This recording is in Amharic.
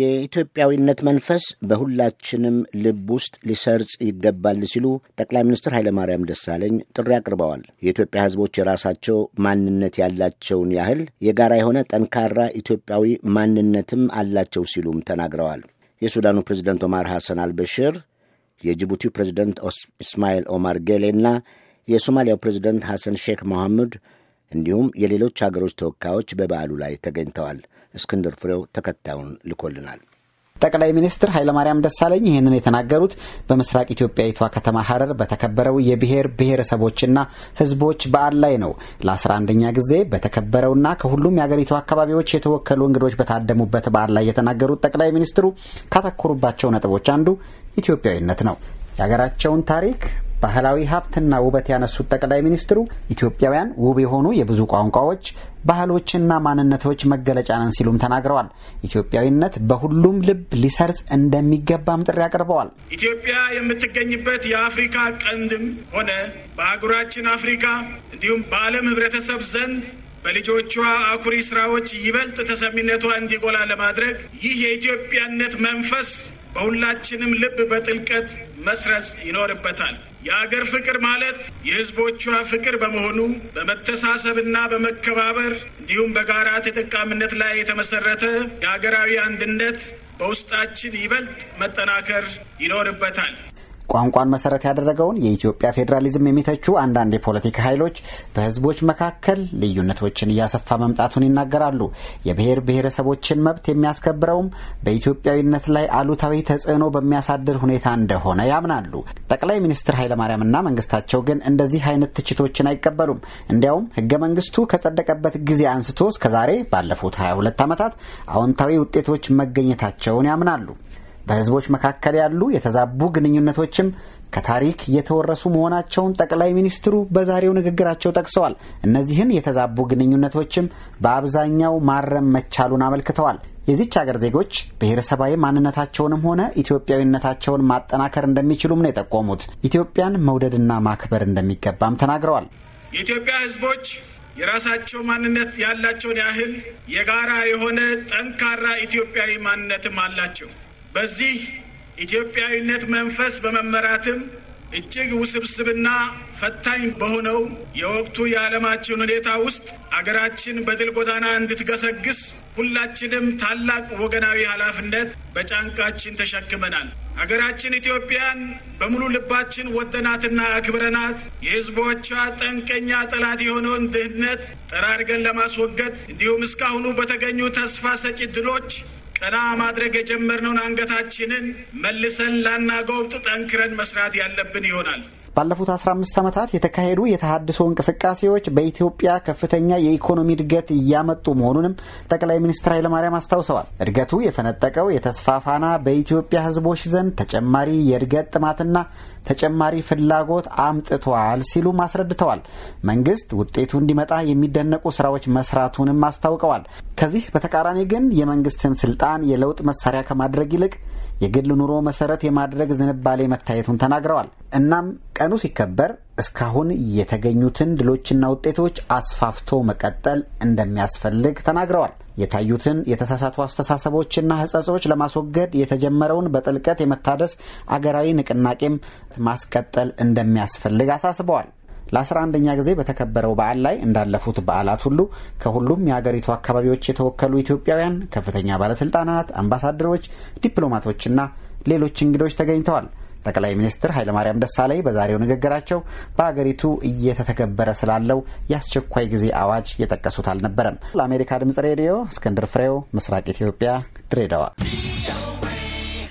የኢትዮጵያዊነት መንፈስ በሁላችንም ልብ ውስጥ ሊሰርጽ ይገባል ሲሉ ጠቅላይ ሚኒስትር ኃይለማርያም ደሳለኝ ጥሪ አቅርበዋል። የኢትዮጵያ ሕዝቦች የራሳቸው ማንነት ያላቸውን ያህል የጋራ የሆነ ጠንካራ ኢትዮጵያዊ ማንነትም አላቸው ሲሉም ተናግረዋል። የሱዳኑ ፕሬዝደንት ኦማር ሐሰን አልበሽር፣ የጅቡቲው ፕሬዝደንት እስማኤል ኦማር ጌሌ እና የሶማሊያው ፕሬዝደንት ሐሰን ሼክ መሐሙድ እንዲሁም የሌሎች ሀገሮች ተወካዮች በበዓሉ ላይ ተገኝተዋል። እስክንድር ፍሬው ተከታዩን ልኮልናል። ጠቅላይ ሚኒስትር ኃይለማርያም ደሳለኝ ይህንን የተናገሩት በምስራቅ ኢትዮጵያዊቷ ከተማ ሀረር በተከበረው የብሔር ብሔረሰቦችና ሕዝቦች በዓል ላይ ነው። ለ11ኛ ጊዜ በተከበረውና ከሁሉም የአገሪቱ አካባቢዎች የተወከሉ እንግዶች በታደሙበት በዓል ላይ የተናገሩት ጠቅላይ ሚኒስትሩ ካተኮሩባቸው ነጥቦች አንዱ ኢትዮጵያዊነት ነው። የሀገራቸውን ታሪክ ባህላዊ ሀብትና ውበት ያነሱት ጠቅላይ ሚኒስትሩ ኢትዮጵያውያን ውብ የሆኑ የብዙ ቋንቋዎች ባህሎችና ማንነቶች መገለጫ ነን ሲሉም ተናግረዋል። ኢትዮጵያዊነት በሁሉም ልብ ሊሰርጽ እንደሚገባም ጥሪ አቅርበዋል። ኢትዮጵያ የምትገኝበት የአፍሪካ ቀንድም ሆነ በአህጉራችን አፍሪካ እንዲሁም በዓለም ህብረተሰብ ዘንድ በልጆቿ አኩሪ ስራዎች ይበልጥ ተሰሚነቷ እንዲጎላ ለማድረግ ይህ የኢትዮጵያነት መንፈስ በሁላችንም ልብ በጥልቀት መስረጽ ይኖርበታል። የአገር ፍቅር ማለት የህዝቦቿ ፍቅር በመሆኑ በመተሳሰብና በመከባበር እንዲሁም በጋራ ተጠቃሚነት ላይ የተመሰረተ የሀገራዊ አንድነት በውስጣችን ይበልጥ መጠናከር ይኖርበታል። ቋንቋን መሰረት ያደረገውን የኢትዮጵያ ፌዴራሊዝም የሚተቹ አንዳንድ የፖለቲካ ኃይሎች በህዝቦች መካከል ልዩነቶችን እያሰፋ መምጣቱን ይናገራሉ። የብሔር ብሔረሰቦችን መብት የሚያስከብረውም በኢትዮጵያዊነት ላይ አሉታዊ ተጽዕኖ በሚያሳድር ሁኔታ እንደሆነ ያምናሉ። ጠቅላይ ሚኒስትር ኃይለማርያምና መንግስታቸው ግን እንደዚህ አይነት ትችቶችን አይቀበሉም። እንዲያውም ህገ መንግስቱ ከጸደቀበት ጊዜ አንስቶ እስከዛሬ ባለፉት 22 ዓመታት አዎንታዊ ውጤቶች መገኘታቸውን ያምናሉ። በህዝቦች መካከል ያሉ የተዛቡ ግንኙነቶችም ከታሪክ የተወረሱ መሆናቸውን ጠቅላይ ሚኒስትሩ በዛሬው ንግግራቸው ጠቅሰዋል። እነዚህን የተዛቡ ግንኙነቶችም በአብዛኛው ማረም መቻሉን አመልክተዋል። የዚች ሀገር ዜጎች ብሔረሰባዊ ማንነታቸውንም ሆነ ኢትዮጵያዊነታቸውን ማጠናከር እንደሚችሉም ነው የጠቆሙት። ኢትዮጵያን መውደድና ማክበር እንደሚገባም ተናግረዋል። የኢትዮጵያ ህዝቦች የራሳቸው ማንነት ያላቸውን ያህል የጋራ የሆነ ጠንካራ ኢትዮጵያዊ ማንነትም አላቸው። በዚህ ኢትዮጵያዊነት መንፈስ በመመራትም እጅግ ውስብስብና ፈታኝ በሆነው የወቅቱ የዓለማችን ሁኔታ ውስጥ አገራችን በድል ጎዳና እንድትገሰግስ ሁላችንም ታላቅ ወገናዊ ኃላፊነት በጫንቃችን ተሸክመናል። አገራችን ኢትዮጵያን በሙሉ ልባችን ወደናትና አክብረናት የሕዝቦቿ ጠንቀኛ ጠላት የሆነውን ድህነት ጠራርገን ለማስወገድ እንዲሁም እስካሁኑ በተገኙ ተስፋ ሰጪ ድሎች ቀና ማድረግ የጀመርነውን አንገታችንን መልሰን ላናጎብጥ ጠንክረን መስራት ያለብን ይሆናል። ባለፉት 15 ዓመታት የተካሄዱ የተሃድሶ እንቅስቃሴዎች በኢትዮጵያ ከፍተኛ የኢኮኖሚ እድገት እያመጡ መሆኑንም ጠቅላይ ሚኒስትር ኃይለማርያም አስታውሰዋል። እድገቱ የፈነጠቀው የተስፋፋና በኢትዮጵያ ሕዝቦች ዘንድ ተጨማሪ የእድገት ጥማትና ተጨማሪ ፍላጎት አምጥቷል ሲሉም አስረድተዋል። መንግስት ውጤቱ እንዲመጣ የሚደነቁ ስራዎች መስራቱንም አስታውቀዋል። ከዚህ በተቃራኒ ግን የመንግስትን ስልጣን የለውጥ መሳሪያ ከማድረግ ይልቅ የግል ኑሮ መሰረት የማድረግ ዝንባሌ መታየቱን ተናግረዋል። እናም ቀኑ ሲከበር እስካሁን የተገኙትን ድሎችና ውጤቶች አስፋፍቶ መቀጠል እንደሚያስፈልግ ተናግረዋል። የታዩትን የተሳሳቱ አስተሳሰቦችና ሕጸጾች ለማስወገድ የተጀመረውን በጥልቀት የመታደስ አገራዊ ንቅናቄም ማስቀጠል እንደሚያስፈልግ አሳስበዋል። ለአስራ አንደኛ ጊዜ በተከበረው በዓል ላይ እንዳለፉት በዓላት ሁሉ ከሁሉም የአገሪቱ አካባቢዎች የተወከሉ ኢትዮጵያውያን ከፍተኛ ባለስልጣናት፣ አምባሳደሮች፣ ዲፕሎማቶችና ሌሎች እንግዶች ተገኝተዋል። ጠቅላይ ሚኒስትር ኃይለማርያም ደሳለኝ በዛሬው ንግግራቸው በአገሪቱ እየተተገበረ ስላለው የአስቸኳይ ጊዜ አዋጅ የጠቀሱት አልነበረም። ለአሜሪካ ድምጽ ሬዲዮ እስክንድር ፍሬው፣ ምስራቅ ኢትዮጵያ፣ ድሬዳዋ